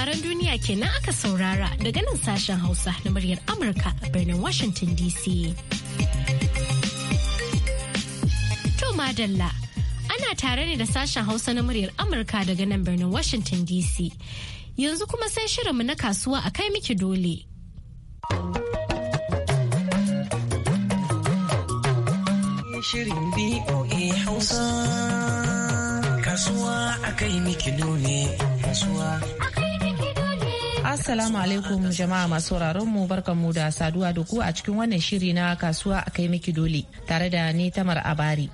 labaran duniya kenan aka saurara daga nan sashen Hausa na muryar Amurka a birnin Washington DC. To madalla ana tare ne da sashen Hausa na muryar Amurka daga nan birnin Washington DC. Yanzu kuma sai shirinmu na kasuwa a kai miki dole. Shirin BOA Hausa Kasuwa a kai miki dole Assalamu alaikum jama'a masu mu barkanmu da saduwa da ku a cikin wannan shiri na kasuwa a kai miki dole tare da ni tamar abari.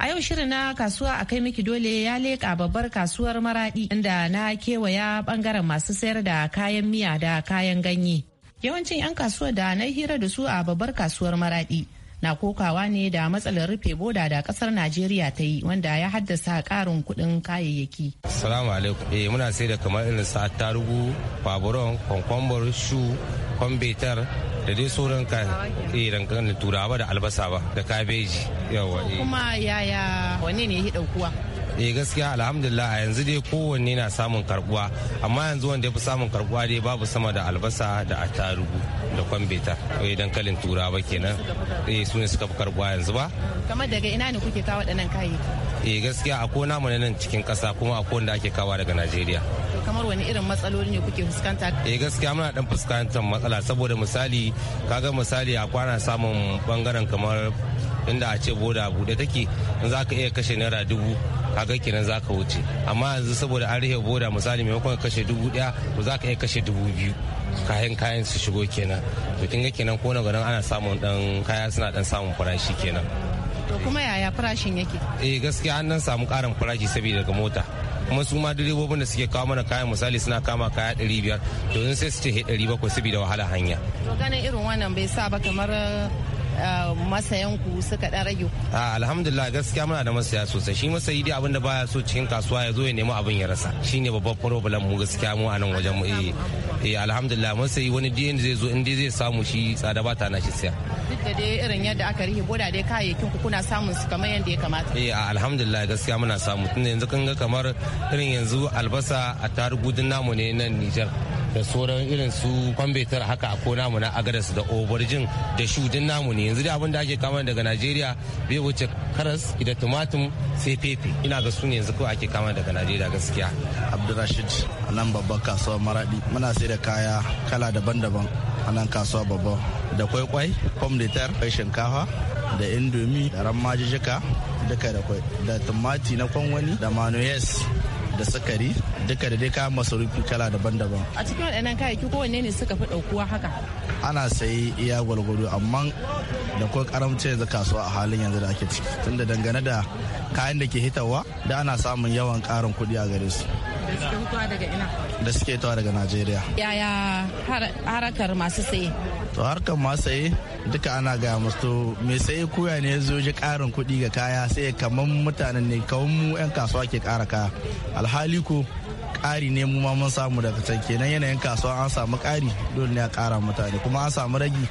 A yau shirin na kasuwa a kai miki dole ya leƙa babbar kasuwar maraɗi inda na kewaya ɓangaren masu sayar da kayan miya da kayan ganye. Yawancin 'yan kasuwar da na hira da su a babbar kasuwar maraɗi na kokawa ne da matsalar rufe boda da kasar najeriya ta yi wanda ya haddasa karin kudin kayayyaki salamu alaikum eh muna sai da kamar irin sa tarugu faburon kwankwambar shu kwambetar da dai sauran irin eh, kan turawa da albasa ba da kabeji yawa eh. kuma yaya wanne ne ya daukuwa eh gaskiya alhamdulillah a yanzu dai kowanne na samun karbuwa amma yanzu wanda ya fi samun karbuwa dai babu sama da albasa da attarugu da kwambeta wai dankalin tura ba kenan eh su ne suka fi karbuwa yanzu ba kamar daga ina ne kuke kawo waɗannan kayayyaki eh gaskiya akwai namu nan cikin ƙasa kuma akwai wanda ake kawo daga Najeriya kamar wani irin matsaloli ne kuke fuskanta eh gaskiya muna dan fuskantar matsala saboda misali kaga misali a kwana samun bangaren kamar inda a ce boda buɗe take in za ka iya kashe naira dubu kaga kenan za ka wuce amma yanzu saboda an rufe boda misali maimakon kashe dubu ɗaya to za ka iya kashe dubu biyu kayan kayan su shigo kenan to kin ga kenan ko na garin ana samun dan kaya suna dan samun farashi kenan to kuma yaya farashin yake eh gaskiya an nan samu karin farashi saboda daga mota kuma su ma direbobin da suke kawo mana kayan misali suna kama kaya 500 to in sai su ce 700 saboda wahala hanya to ganin irin wannan bai sa ba kamar Eh, masayan ku suka dan rage a alhamdulillah gaskiya muna da masaya sosai shi masayi dai abinda baya so cikin kasuwa ya zo ya nemi abin ya rasa shine babban problem mu gaskiya mu a nan wajen mu eh eh alhamdulillah masayi wani diyan zai zo in dai zai samu shi tsada ba ta na shi siya duk da dai irin yadda aka rihe boda dai kayayyakin ku kuna samun su kamar yadda ya kamata eh alhamdulillah gaskiya muna samu tunda yanzu kan ga kamar irin yanzu albasa a tarugudin namu ne nan Nijar da sauran irin su kwambetar haka a namu na agadas da obarjin da shudin namu ne yanzu da abin da ake kama daga najeriya bai wuce karas da tumatum sai fefe ina ga su ne yanzu kawai ake kama daga najeriya gaskiya abdurashid a nan babban kasuwar maradi muna sai da kaya kala daban-daban a nan kasuwa babba da kwaikwai pom de kai shinkafa da indomi da ran majijika duka da kwai da tumati na kwangwani da manoyes da sukari duka da dai kayan masarufi kala daban-daban a cikin waɗannan kayayyaki kowanne ne suka fi ɗaukuwa haka ana sayi iya gwalgwado amma da kuma karamcin yanzu kasuwa a halin yanzu da ake ciki tunda dangane da kayan da ke hitawa da ana samun yawan karin kuɗi a gare su da suke fitowa daga ina da suke daga najeriya yaya harakar masu saye to harkar masu saye duka ana gaya musu mai saye kuya ne ya zoje ji karin kuɗi ga kaya sai kamar mutanen ne kawun mu 'yan kasuwa ke kara kaya alhali ko ƙari ne mu ma mun samu daga can kenan yanayin kasuwa an samu ƙari dole ne a ƙara mutane kuma an samu ragi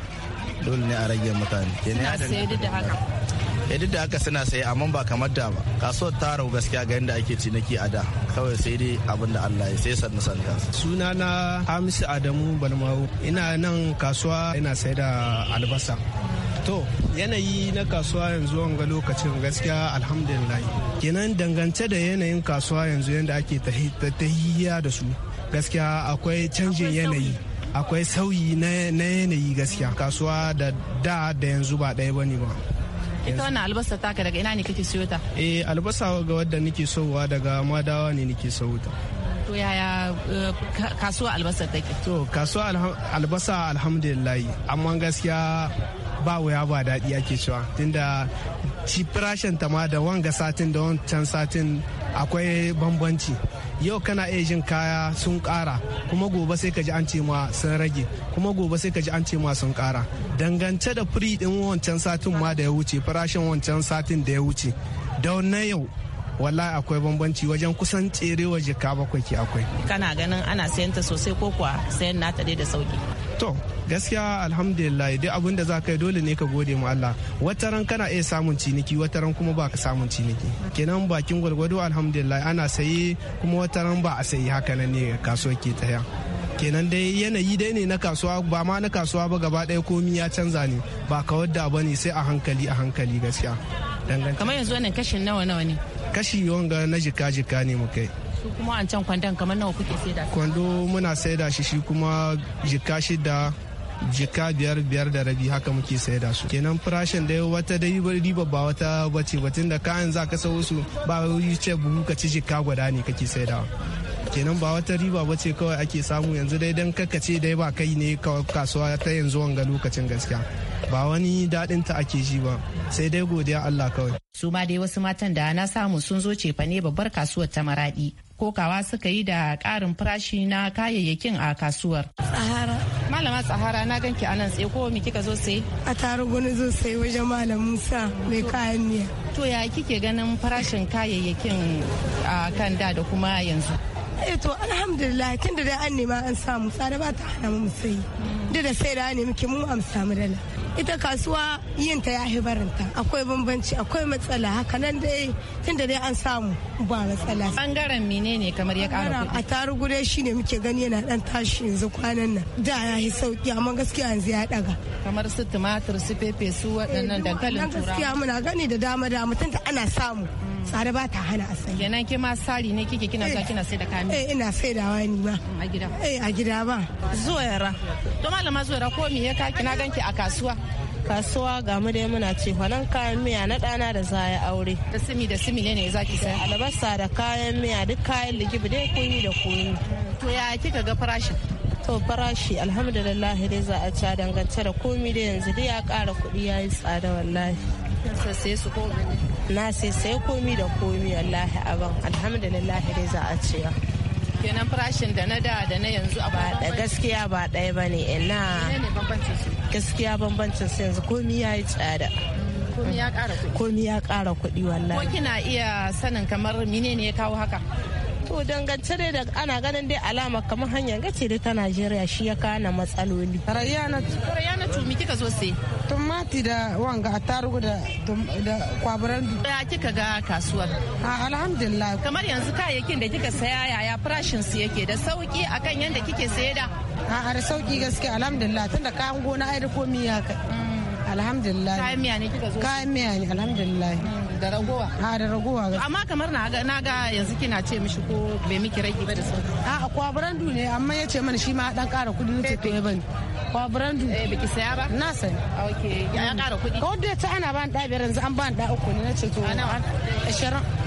dole ne a rage mutane kenan ya da haka ya eh, duk da haka suna saye amma ba kamar da ba kasuwar ta rau gaskiya ga yadda ake ciniki a da kawai sai dai abin da Allah ya sai sannu sannu suna na Hamisu Adamu Balmawo ina nan kasuwa ina sai da albasa to yanayi na kasuwa yanzu wanga lokacin gaskiya alhamdulillah kenan dangance da yanayin kasuwa yanzu yadda ake tahiya da su gaskiya akwai canjin yanayi akwai sauyi na yanayi gaskiya kasuwa da da da yanzu ba ɗaya ne ba ita wannan albasa taka daga ina ne kake siyo ta eh albasa ga wadda nake sowa daga madawa ne nake sowa ta to yaya eh, kasuwa albasa take to kasuwa albasa alhamdulillah amma gaskiya ba wuya ba daɗi ake cewa tunda ci firashin ta ma da wanga satin da wancan satin akwai bambanci yau kana iya jin kaya sun kara kuma gobe sai ka ji an ce sun rage kuma gobe sai ka ji an ce ma sun kara dangance da firi ɗin wancan satin ma da ya wuce farashin wancan satin da ya wuce da na yau wallahi akwai bambanci wajen kusan tsere wa jika bakwai ke akwai kana ganin ana sayanta sosai ko kuwa sayan nata dai da sauki to gaskiya alhamdulillah duk abin da za ka yi dole ne ka gode mu Allah wata ran kana iya samun ciniki wata ran kuma ba ka samun ciniki kenan bakin gwalgwado alhamdulillah ana sayi kuma wata ran ba a sayi haka nan ne kasuwa ke tsaya kenan dai yanayi dai ne na kasuwa ba ma na kasuwa ba gaba ɗaya komi ya canza ne ba kawar da ba ne sai a hankali a hankali gaskiya kamar yanzu wannan kashin nawa nawa ne kashi wanga na jika jika ne mu kai su kuma an can kwandon kamar nawa kuke saida kwando muna saida shi shi kuma jika shida jika biyar biyar da rabi haka muke saida su kenan farashin da wata dai riba ba wata bace batun da kayan za ka sau su ba yi ce buhu ka ci jika gwada ne kake saida kenan ba wata riba ba ce kawai ake samu yanzu dai don kakace dai ba kai ne kasuwa ta yanzu wanga lokacin gaskiya ba wani daɗin ta ake ji ba sai dai godiya Allah kawai. su ma dai wasu matan da na samu sun zo cefa babbar kasuwar ta maraɗi kokawa suka yi da ƙarin farashi na kayayyakin a kasuwar. Tsahara. Malama Tsahara na ganki anan sai ko mi kika zo sai? A tarugu ni zo sai wajen Malam Musa mai kayan miya. To ya kike ganin farashin kayayyakin a kan da da kuma yanzu? Eh to alhamdulillah Kin da an nema an samu tsada ba ta hana mu sayi. Da da sai da an nemi mu amsa mu dala. ita kasuwa yin ta yi barinta akwai bambanci akwai matsala haka nan dai tunda dai an samu ba matsala bangaren menene kamar ya kara a tarugu dai shine muke gani yana dan tashi yanzu kwanan nan da ya yi sauki amma gaskiya yanzu ya daga kamar su tumatir su pepe su waɗannan eh, dankalin turawa gaskiya muna gani da dama dama ta ana samu mm. tsare ba ta hana asali kenan ke ma sari ne kike kina zuwa eh. kina sai da kami eh ina sai da wani ma a gida eh a gida ba zuwa yara to malama zuwa ko me ya ka kina ganki a kasuwa kasuwa ga mu dai muna ce nan kayan miya na ɗana da za ya aure da simi da simi ne za ki saya albasa da kayan miya duk kayan likibi dai kunyi da kunyi to ya kika ga farashin to farashi alhamdulillah dai za a ca dangance da komi da yanzu dai ya kara kuɗi ya yi tsada wallahi na sai sai komi da komi wallahi abin alhamdulillah dai za a ciya kenan farashin da na da da na yanzu a ba gaskiya ba ɗaya ba ne ina gaskiya bambancin su yanzu komi ya yi tsada mm, komi ya ƙara kuɗi wallahi ko kina iya sanin kamar menene ya kawo haka to dangance da ana ganin dai alama kamar hanyar gace da ta najeriya shi ya kana matsaloli rayyanatu rayyanatu Tumi kika zo sai tumati da wanga a tarugu da kwaburan ya kika ga kasuwar alhamdulillah kamar yanzu kayayyakin da kika saya yaya farashin su yake da sauki akan yanda kike saye da a da sauki gaske alhamdulillah tunda kayan gona ai da komi ya kai mm. alhamdulillah kayan miya ne kika zo kayan miya ne alhamdulillah mm. da ragowa Ha da ragowa amma kamar na ga na ga yanzu kina ce mishi ko bai miki rage ba da sauki a kwaburandu ne amma ya ce mana shi ma dan kara kudi nace to ya bani kwaburandu eh biki saya ba na sani okay ya kara kudi ko da ta ana ban da biyar yanzu an ban da uku ne nace to 20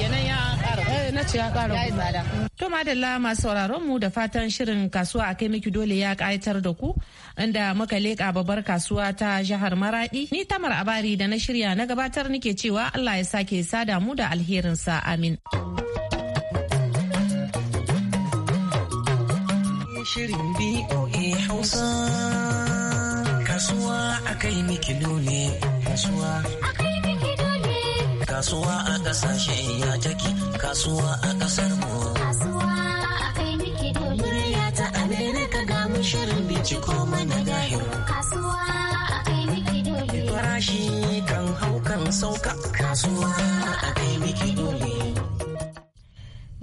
kenan ya ƙara eh na ce ya ƙara masu sauraron mu da fatan shirin kasuwa a kai miki dole ya ƙayatar da ku inda muka leƙa babbar kasuwa ta jihar Maradi ni Tamar Abari da na shirya na gabatar nake cewa Allah ya sake sada mu da alherinsa amin Shirin BOA Hausa kasuwa a kai miki dole kasuwa kasuwa a kasashe ya take kasuwa a kasar mu kasuwa a kai nake dole ya ta amerika ga mu shirin binciko mana gahi kasuwa a kai nake dole farashi kan hau kan sauka kasuwa a kai nake dole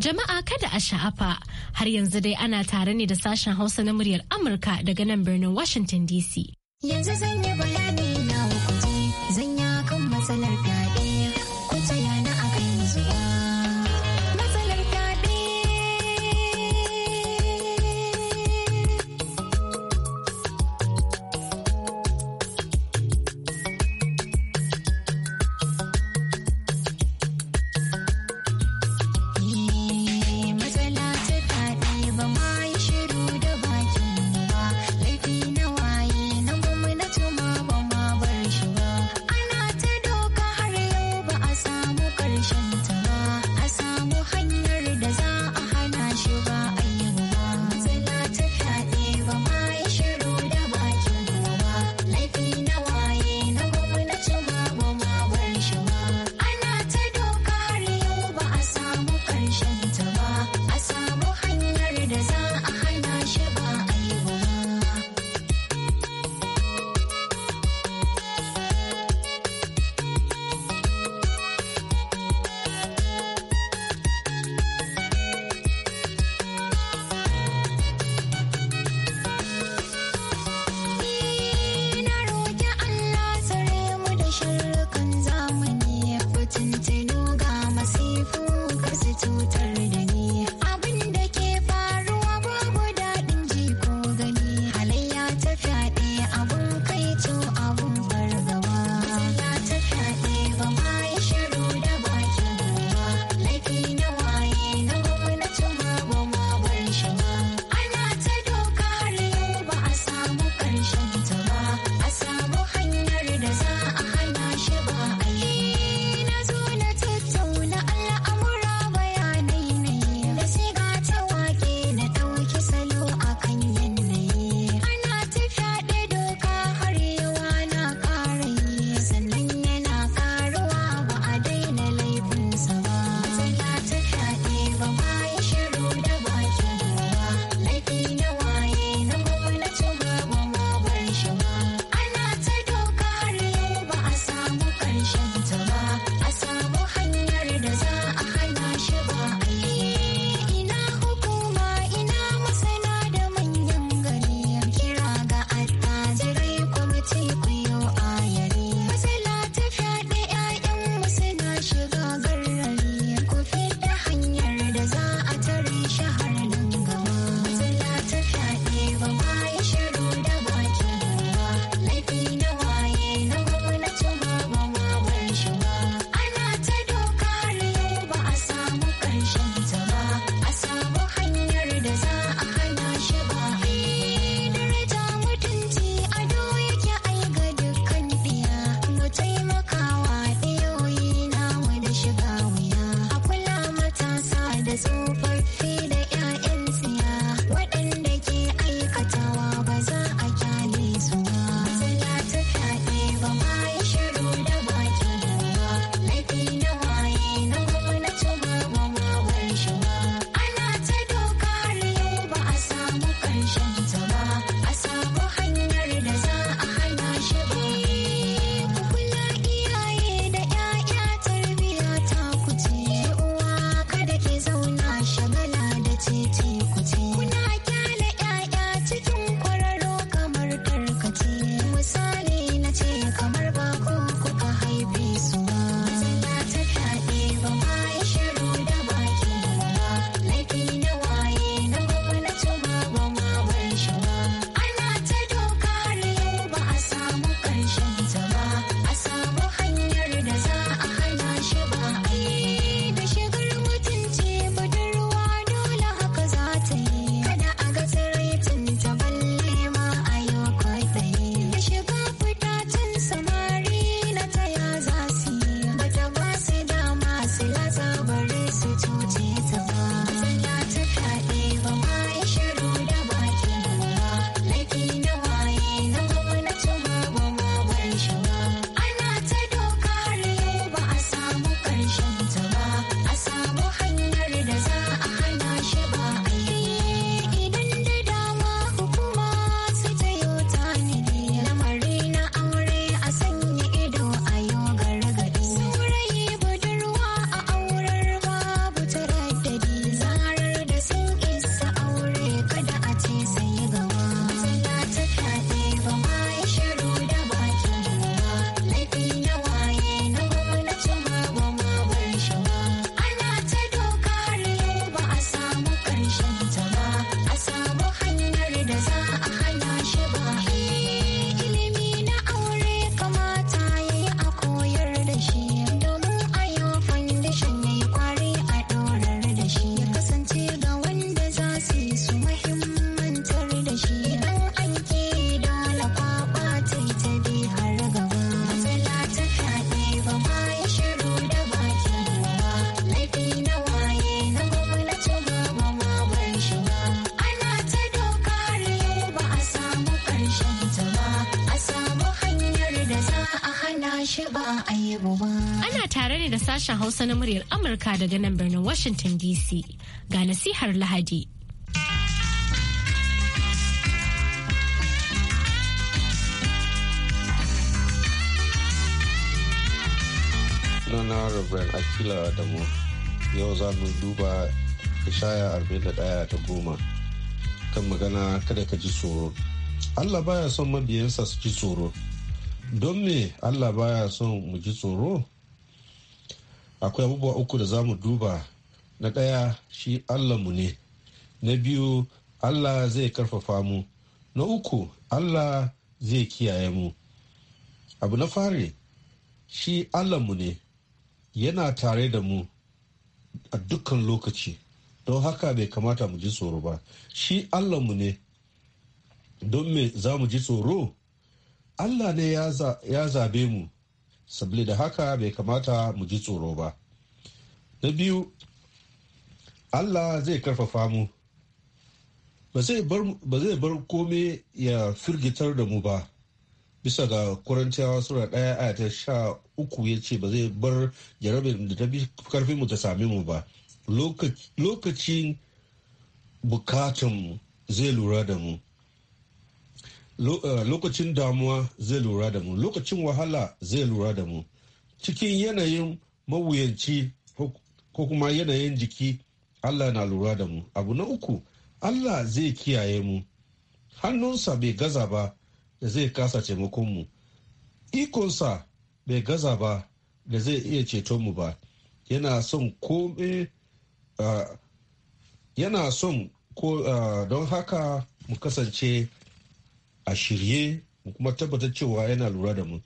Jama'a kada a sha'afa har yanzu dai ana tare ne da sashen Hausa na muryar Amurka daga nan birnin Washington DC. Yanzu zan yi bayani na hukunci zan yi kan matsalar gari. ne da sashen Hausa na muryar Amurka daga nan birnin Washington DC ga nasihar Lahadi. Sunana Reverend Akila Adamu, yau za mu duba Ishaya ɗaya ta goma kan magana kada ka ji tsoro. Allah baya son mabiyansa su ji tsoro. Don me Allah baya son mu ji tsoro? akwai abubuwa uku da za mu duba na ɗaya shi mu ne na biyu allah zai karfafa mu na uku allah zai kiyaye mu abu na fari shi Allah mu ne yana tare da mu a dukkan lokaci don haka bai kamata mu ji tsoro ba shi mu ne don me za mu ji tsoro allah ne ya zabe mu da haka bai kamata mu ji tsoro ba na biyu allah zai karfafa mu ba zai bar kome ya firgitar da mu ba bisa ga kurantiyawa sura ɗaya a ta sha uku ya ce ba zai bar jarabin da ta bi mu ta sami mu ba lokacin bukatan zai lura da mu Eh, lokacin damuwa zai lura da mu lokacin wahala zai lura da mu cikin yanayin mawuyanci ko kuma yanayin jiki allah na lura da mu abu na uku allah zai kiyaye mu hannunsa bai gaza ba da zai kasa taimakon mu ikonsa bai gaza ba da zai iya ceton mu ba yana son kome eh, yana son ko eh, don haka mu kasance a shirye mu kuma tabbatar cewa yana lura da mu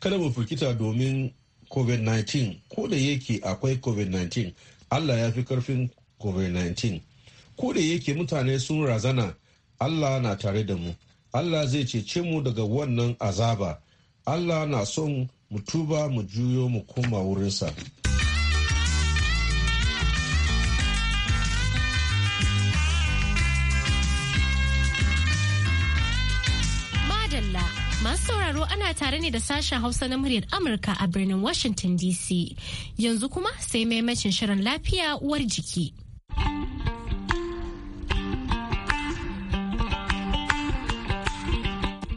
kada mu firkita domin covid-19 ko da yake akwai covid-19 allah ya fi karfin covid-19 ko da yake mutane sun razana allah na tare da mu allah zai cece mu daga wannan azaba allah na son mu tuba mu juyo mu koma wurinsa Masu sauraro ana tare ne da sashen Hausa na muryar Amurka a birnin Washington DC. Yanzu kuma sai maimacin shirin lafiya uwar jiki.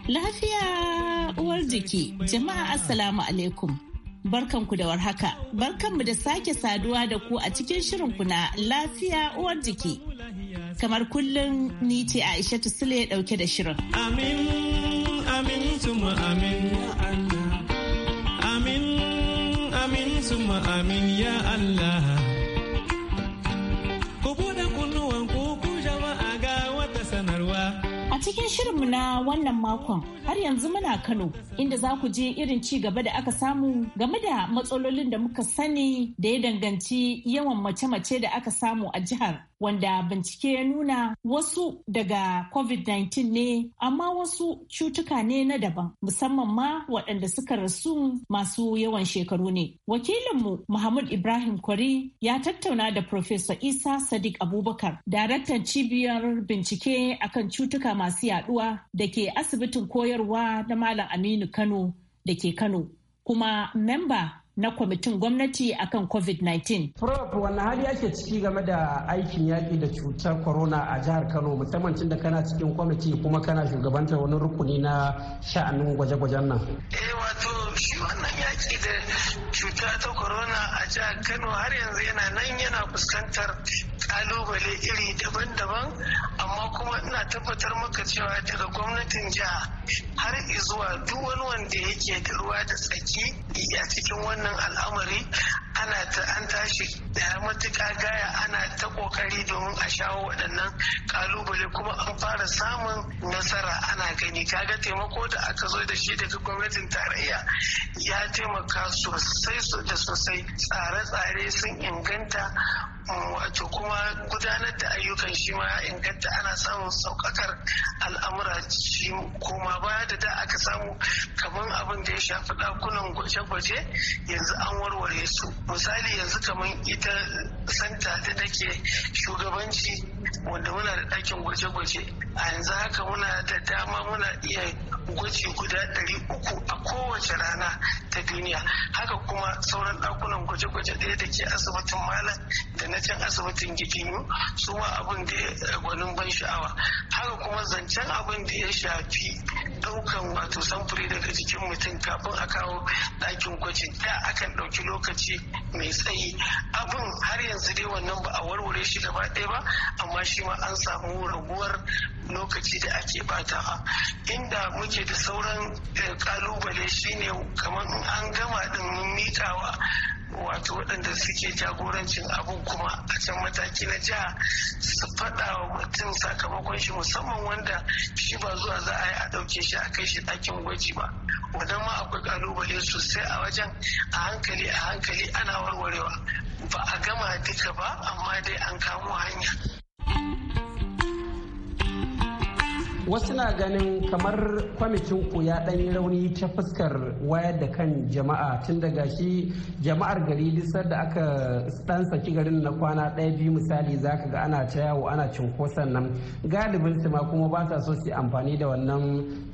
Lafiya uwar jiki, jama'a Assalamu alaikum. Barkanku da warhaka, barkanmu da sake saduwa da ku a cikin shirinku na lafiya uwar jiki. Kamar kullum ni ce Aisha Sule ya dauke da shirin. amin suma amin amin amin suma amin ya Allah cikin shirinmu na wannan makon har yanzu muna Kano inda za ku je irin ci gaba da aka samu game da matsalolin da muka sani da ya danganci yawan mace-mace da aka samu a jihar wanda bincike ya nuna wasu daga COVID-19 ne amma wasu cutuka ne na daban musamman ma waɗanda suka rasu masu yawan shekaru ne. Wakilinmu Muhammad Ibrahim Kwari ya tattauna da Professor Isa Sadiq Abubakar, daraktan cibiyar bincike akan cutuka masu masu yaduwa da ke asibitin koyarwa na Malam Aminu Kano da ke Kano, kuma memba na kwamitin gwamnati akan COVID-19. Prof, wani hali ake ciki game da aikin yaƙi da cutar corona a jihar Kano musamman da kana cikin kwamiti kuma kana shugabantar wani rukuni na sha'anin gwaje-gwajen nan. Eh wato shi wannan yaƙi da cuta ta corona a jihar Kano har yanzu yana nan yana fuskantar kalubale iri daban-daban amma kuma ina tabbatar maka cewa daga gwamnatin jiha har zuwa duk wani wanda yake da ruwa da tsaki a cikin wannan al'amari ana ta an tashi da matuƙa gaya ana ta ƙoƙari domin a shawo waɗannan kalubale kuma an fara samun nasara ana gani kaga taimako da aka zo da shi daga gwamnatin tarayya ya taimaka sosai da sosai tsare-tsare sun inganta wato kuma gudanar da ayyukan shi ma inganta ana samun saukakar al'amura shi koma baya da da aka samu kamar abin da ya shafi ɗakunan gwaje-gwaje yanzu an warware su misali yanzu kamar ita santa da take shugabanci wanda muna da ɗakin gwaje-gwaje a yanzu haka muna da dama muna iya gwaji guda ɗari uku a kowace rana ta duniya haka kuma sauran ɗakunan gwaje-gwaje ɗaya da ke asibitin malam da na can asibitin gikinyo su ma abin da eh, gwanin ban sha'awa haka kuma zancen abin da ya shafi daukan wato samfuri daga jikin mutum kafin a kawo ɗakin gwaji da akan ɗauki lokaci mai tsayi abin har yanzu dai wannan ba a warware shi gaba ɗaya ba amma shi ma an samu raguwar lokaci da ake bata inda muke da sauran kalubale eh, shine kamar an gama din mun wato waɗanda suke jagorancin abin kuma a can mataki na jiha su faɗa wa mutum sakamakon shi musamman wanda shi ba zuwa za a yi a ɗauke shi a kai shi ɗakin gwaji ba wadda ma akwai ƙalubale sosai a wajen a hankali a hankali ana warwarewa ba a gama duka ba amma dai an kamo hanya wasu na ganin kamar kwamitin ya ɗan yi rauni ta fuskar wayar da kan jama'a tun daga shi jama'ar gari lissar da aka dan saki garin na kwana ɗaya biyu misali za ka ga ana ta yawo ana cunkoson nan galibin su ma kuma ba sa so su amfani da wannan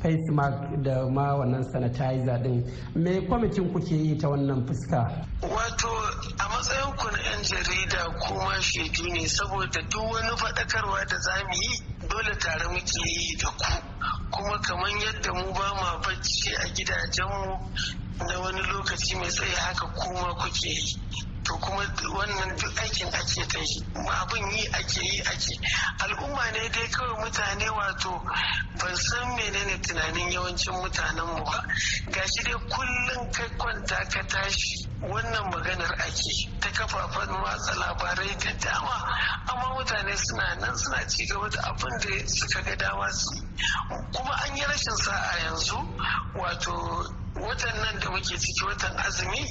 face mask da ma wannan sanitizer din me kwamitin ku ke yi ta wannan fuska wato a matsayin ku na 'yan jarida kuma shaidu ne saboda duk wani faɗakarwa da za mu yi dole tare muke yi da ku kuma kamar yadda mu ba ma bacci a gidajenmu na wani lokaci mai tsaye haka kuma kuke yi to kuma wannan duk aikin ake ta yi abin yi ake yi ake al'umma ne dai kawai mutane wato ban san menene tunanin yawancin mutanen mu ba shi dai kullum kai kwanta ka tashi wannan maganar ake ta kafafen watsa labarai da dama amma mutane suna nan suna ci gaba da abin da suka ga dama su kuma an yi rashin sa'a yanzu wato watan nan da muke ciki watan azumi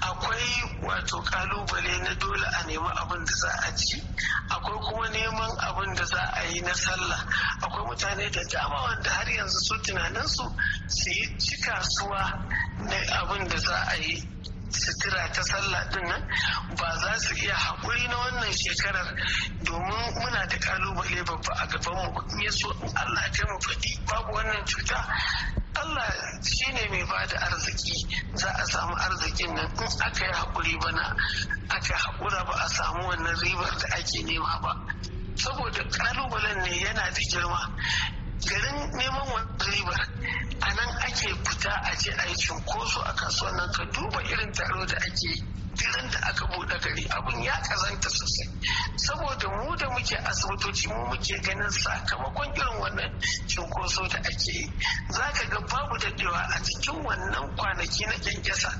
akwai wato kalubale na dole a nemi abin da za a ci akwai kuma neman abin da za a yi na sallah akwai mutane da dama wanda har yanzu su tunaninsu su yi ci kasuwa na abin da za a yi sutura ta sallah din nan ba za su iya haƙuri na wannan shekarar domin muna da ƙalubale babba a gaban mu ya so Allah ya mu faɗi babu wannan cuta Allah shi ne mai ba da arziki za a samu arzikin nan in aka yi haƙuri bana aka haƙura ba a samu wannan ribar da ake nema ba saboda ƙalubalen ne yana da girma garin neman wani ribar a nan ake fita a je a yi cunkoso a kasuwar nan ka duba irin taro da ake yi da aka buɗe gari abun ya kazanta sosai saboda mu da muke asibitoci mu muke ganin sakamakon irin wannan cunkoso da ake yi za ka ga babu daɗewa a cikin wannan kwanaki na kyankyasa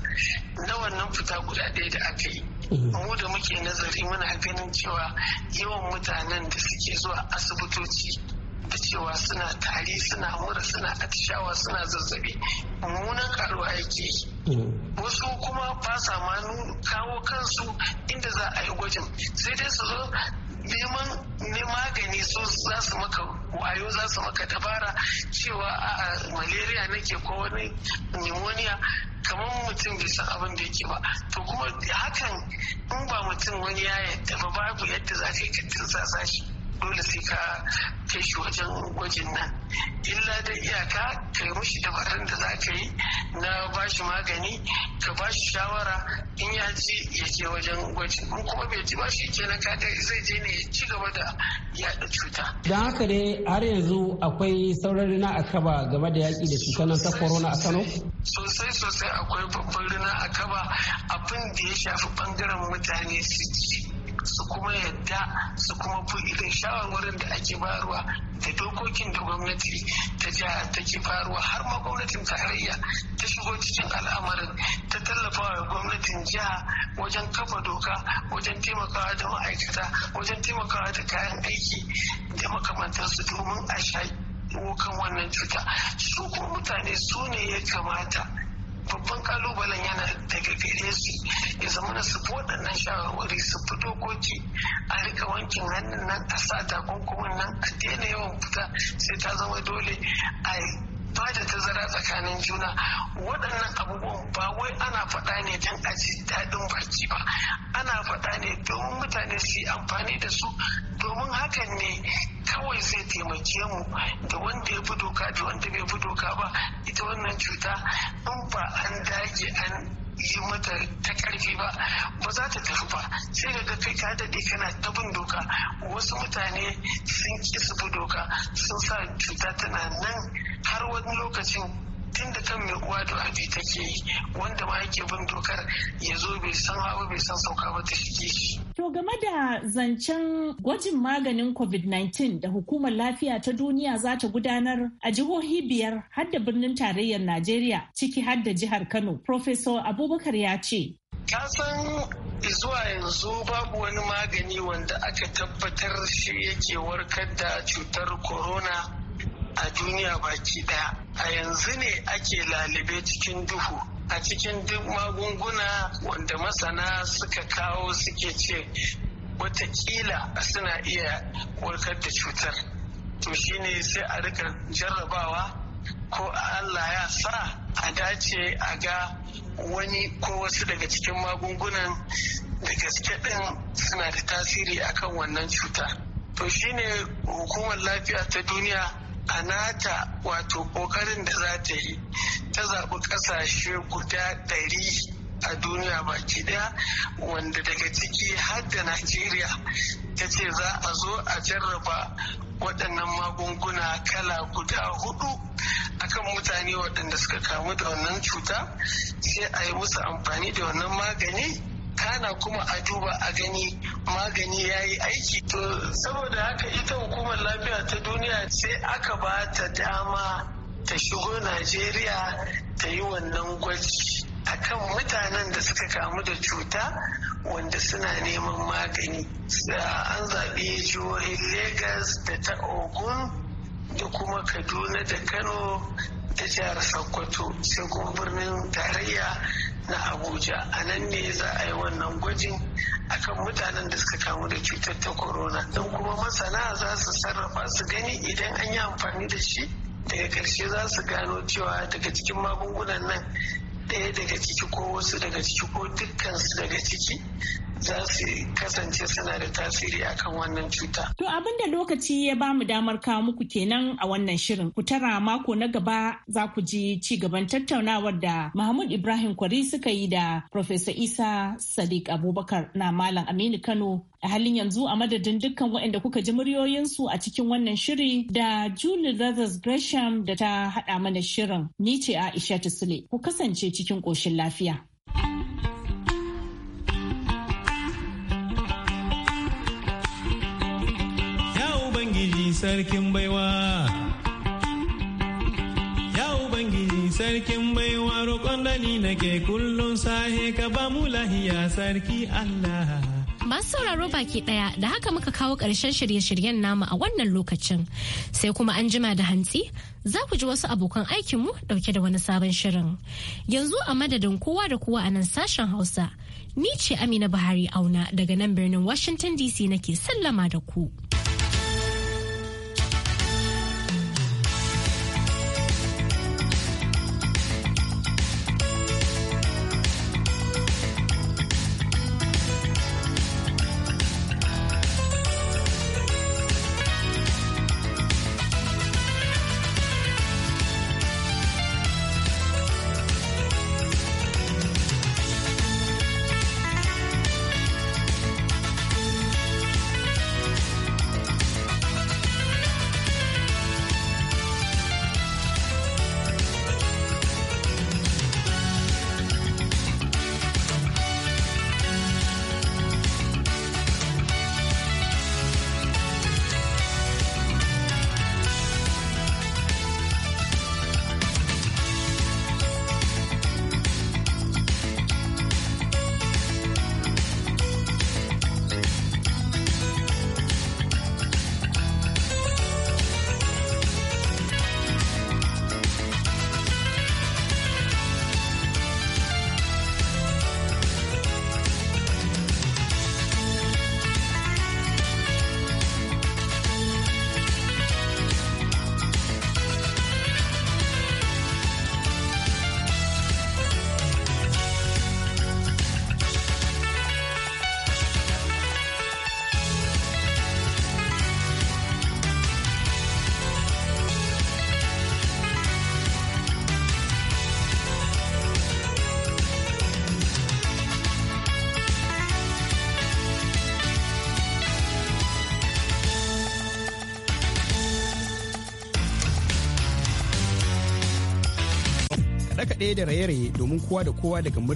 na wannan fita guda ɗaya da aka yi mm. mu da muke nazari muna ganin cewa yawan mutanen da suke zuwa asibitoci da cewa suna tari suna mura suna atishawa suna zazzabi mummunan karuwa yake mm. wasu kuma ba sa ma kawo kansu inda za a yi gwajin sai dai su zo neman ne magani su za su maka wayo za su maka dabara cewa a malaria nake ko wani pneumonia kamar mutum bai san abin da yake ba to kuma hakan in ba mutum wani ya yadda ba babu yadda za ka yi ka shi dole sai ka kai shi wajen gwajin nan illa da iyaka ka yi mushi dabarun da za ka yi na ba shi magani ka ba shi shawara in ya ji ya je wajen gwaji in kuma bai ji ba shi na kada zai je ne ya ci gaba da yaɗa cuta. don haka ne har yanzu akwai sauran rina a kaba game da yaƙi da cutar nan ta corona a kano. sosai sosai akwai babban rina a kaba abin da ya shafi bangaren mutane su ji su kuma yadda su kuma bi irin shawarwarin da ake bayarwa da dokokin da gwamnati ta jiha take faruwa har ma gwamnatin tarayya ta shigo cikin al'amarin ta tallafa wa gwamnatin jiha wajen kafa doka wajen taimakawa da ma'aikata wajen taimakawa da kayan aiki da makamantarsu domin a shawo kan wannan cuta su kuma mutane su ne ya kamata babban kalubalen yana daga gare su ya zama na su waɗannan shawarwari su fi dokoki a rika wankin hannun nan a sa takunkumin nan a daina yawan fita sai ta zama dole a ba da tazara tsakanin juna waɗannan abubuwan ba wai ana faɗa ne don a ji daɗin baki ba ana faɗa ne domin mutane su yi amfani da su domin hakan ne kawai zai taimake mu da wanda ya fi doka da wanda bai fi doka ba ita wannan cuta in ba an dage an yi mata ta karfi ba ba za ta tafi ba sai daga kai ka daɗe kana ta bin doka wasu mutane sun ki su doka sun sa cuta tana nan har wani lokacin tun da kan mai uwa da wabi take yi wanda ma yake bin dokar ya zo bai san hawa bai san sauka ba ta shige shi. To game da zancen gwajin maganin COVID-19 da hukumar lafiya ta duniya za ta gudanar a jihohi biyar har da birnin tarayyar Najeriya ciki har da jihar Kano. Professor Abubakar ya ce. Ka san zuwa yanzu babu wani magani wanda aka tabbatar shi yake warkar da cutar corona a duniya baki daya a yanzu ne ake lalube cikin duhu a cikin duk magunguna wanda masana suka kawo suke ce watakila suna iya warkar da cutar to shine sai a rika jarrabawa ko allah ya sa a dace a ga wani ko wasu daga cikin magungunan da gaske ɗin suna da tasiri akan wannan cuta to shine hukumar lafiya ta duniya a nata wato kokarin da za ta yi ta zaɓi ƙasashe guda ɗari a duniya baki ɗaya wanda daga ciki har da najeriya ta ce za a zo a jarraba waɗannan magunguna kala guda hudu akan mutane waɗanda suka kamu da wannan cuta sai a yi musu amfani da wannan magani kana kuma a duba a gani magani ya yi aiki to saboda haka ita hukumar lafiya ta duniya sai aka ba ta dama ta shigo najeriya ta yi wannan gwaji a kan mutanen da suka kamu da cuta wanda suna neman magani an zaɓi jihohin Legas da ta ogun da kuma kaduna da kano da jihar sokoto sai birnin tarayya na abuja a nan ne za a yi wannan gwajin akan mutanen da suka kamu da cutar ta corona don kuma masana za su sarrafa su gani idan an yi amfani da shi daga karshe za su gano cewa daga cikin magungunan nan ɗaya daga ciki ko wasu daga ciki ko dukkan su daga ciki za su kasance suna da tasiri akan wannan cuta. To abinda lokaci ya ba mu damar kawo muku kenan a wannan shirin. Ku tara mako na gaba za ku ji ci gaban tattaunawar da Mahmud Ibrahim Kwari suka yi da Professor Isa Sadiq Abubakar na Malam Aminu Kano a halin yanzu a madadin dukkan waɗanda kuka ji muryoyinsu a cikin wannan shiri da Julie Brothers Gresham da ta haɗa mana shirin. Ni ce Aisha Sule, ku kasance cikin ƙoshin lafiya. sarkin baiwa. Ya Ubangiji sarkin baiwa roƙon da ni nake kullum sahe ka ba mu lahiya sarki Allah. Masu sauraro baki ɗaya da haka muka kawo ƙarshen shirye-shiryen namu a wannan lokacin sai kuma an jima da hantsi za ku ji wasu abokan aikinmu ɗauke da wani sabon shirin. Yanzu a madadin kowa da kowa a nan sashen Hausa, ni ce Amina Buhari Auna daga nan birnin Washington DC nake sallama da ku. ɗaya da raye-raye domin kowa da kowa daga